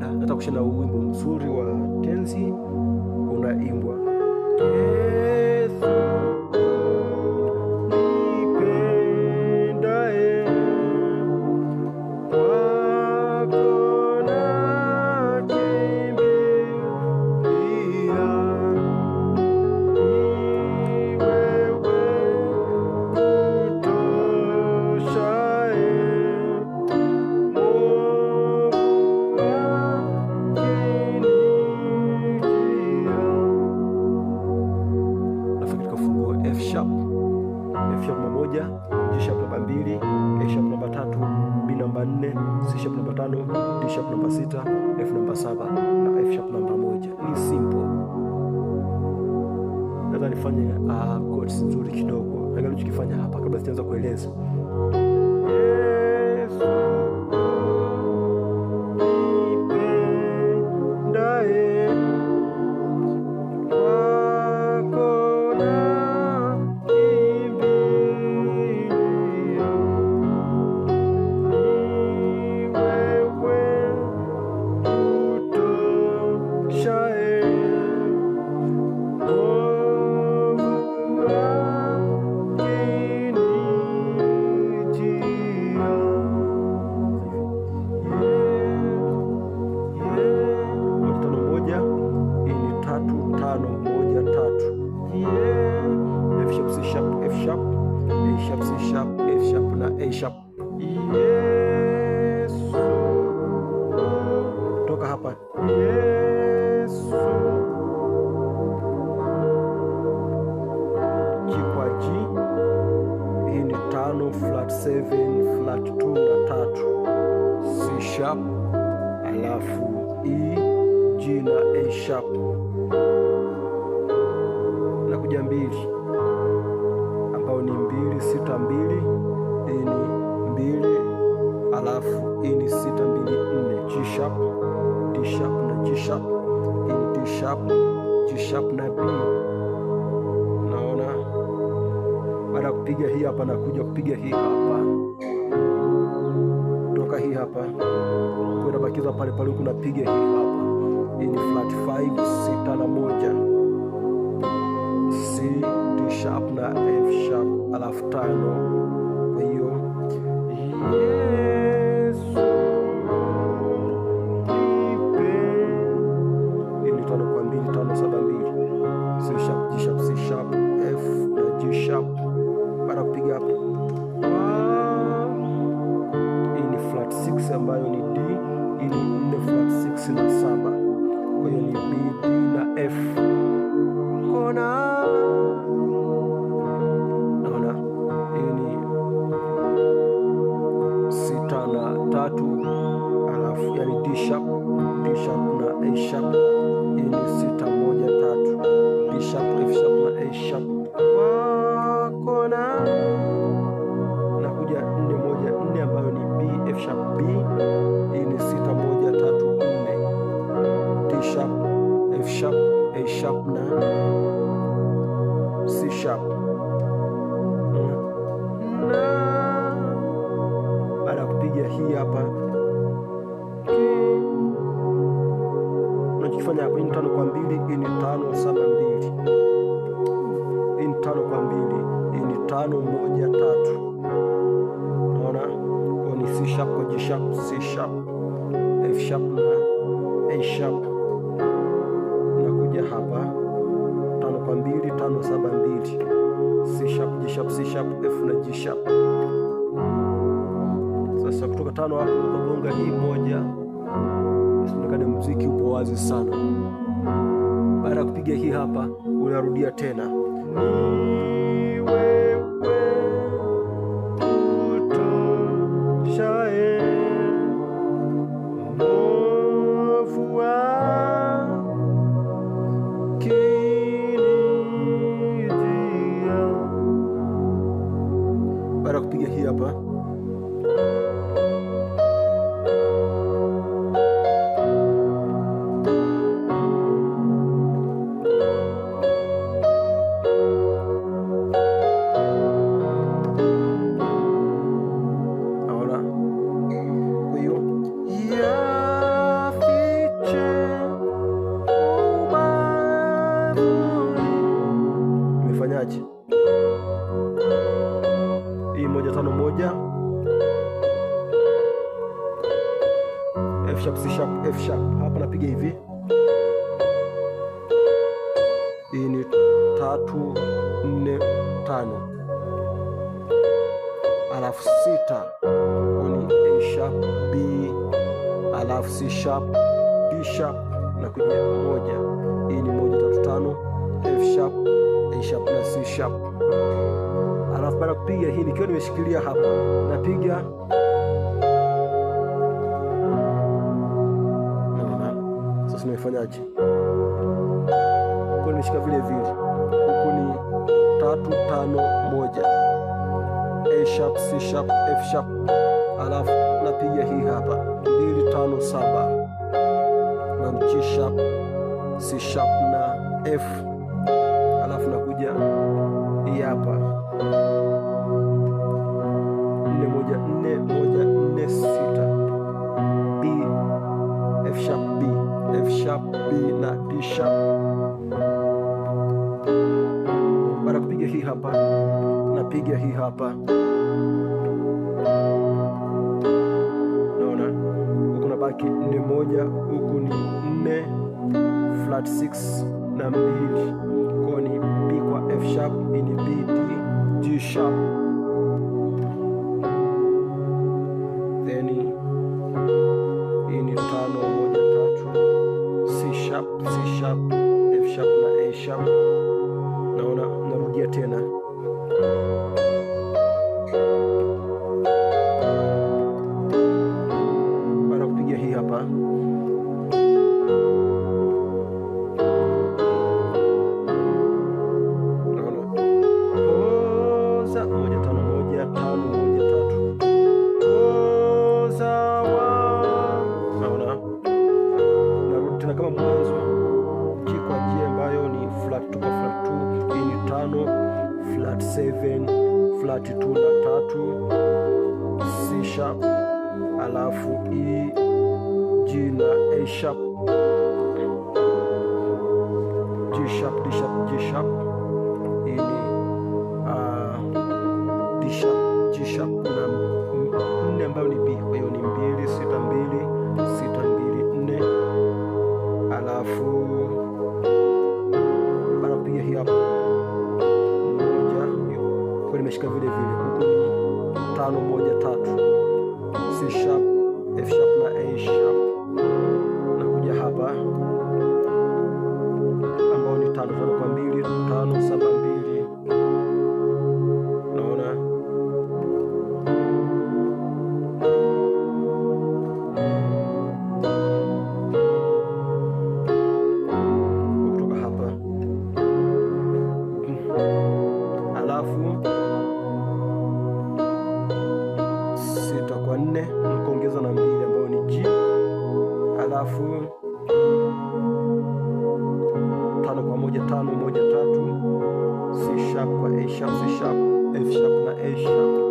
kupanda, hata kushinda wimbo mzuri wa tenzi unaimbwa Yesu tatu, B namba nne, C sharp namba tano, D sharp namba sita, F namba saba na F sharp namba moja. Ni simple. Sasa nifanye uh, chords nzuri kidogo. Angalia nichokifanya hapa kabla sijaanza kueleza. sharp, alafu i G na A na kuja mbili, ambao ni mbili sita mbili, ini mbili, alafu ini sita mbili nne, G sharp, D sharp na G sharp, E D sharp, G sharp na B. Naona baada ya kupiga hii hapa, nakuja kupiga hii hapa kutoka hii hapa kwa inabakiza pale pale, huku napiga hii hapa. Hii ni flat 5 sita na moja, C D sharp na F sharp alafu tano, kwa hiyo yeah. now. unachokifanya hapo, ni tano kwa mbili, ni tano saba mbili, ni tano kwa mbili, ni tano moja tatu. Unaona kwa ni C sharp kwa G sharp, C sharp, F sharp na A sharp. Unakuja hapa tano kwa mbili, tano saba mbili, C sharp, G sharp, C sharp, F na G sharp. Sasa kutoka tano hapo unagonga hii moja tunakada mziki upo wazi sana. Baada ya kupiga hii hapa, unarudia tena. moja tano moja F sharp C sharp F sharp. Hapa napiga hivi, hii ni tatu nne tano, alafu sita ni A sharp B, alafu C sharp D sharp na kuja moja. Hii ni moja tatu tano F sharp A sharp na C sharp baada kupiga hii nikiwa nimeshikilia hapa, napiga sasa. Nimefanyaje? Kwa nimeshika vile vile, huku ni tatu tano moja, A sharp, C sharp, F sharp, alafu napiga hii hapa mbili tano saba na G sharp, C sharp na F, alafu nakuja hii hapa hii hapa naona huku na baki ni moja, huku ni nne flat 6 na mbili, kwa ni B kwa F sharp, ni B D G sharp, then sharp F sharp na A sharp. Naona narudia tena. G sharp, D sharp, G sharp. Hii ni uh, D sharp, G nne ambayo ni B. Kwa hiyo ni mbili sita mbili sita mbili nne, alafu anapiga hii hapa moja, kwa nimeshika vile vile, huku ni tano moja tatu, C sharp, F sharp na A sharp tano kwa moja tano moja tatu C sharp kwa A sharp C sharp F sharp na A sharp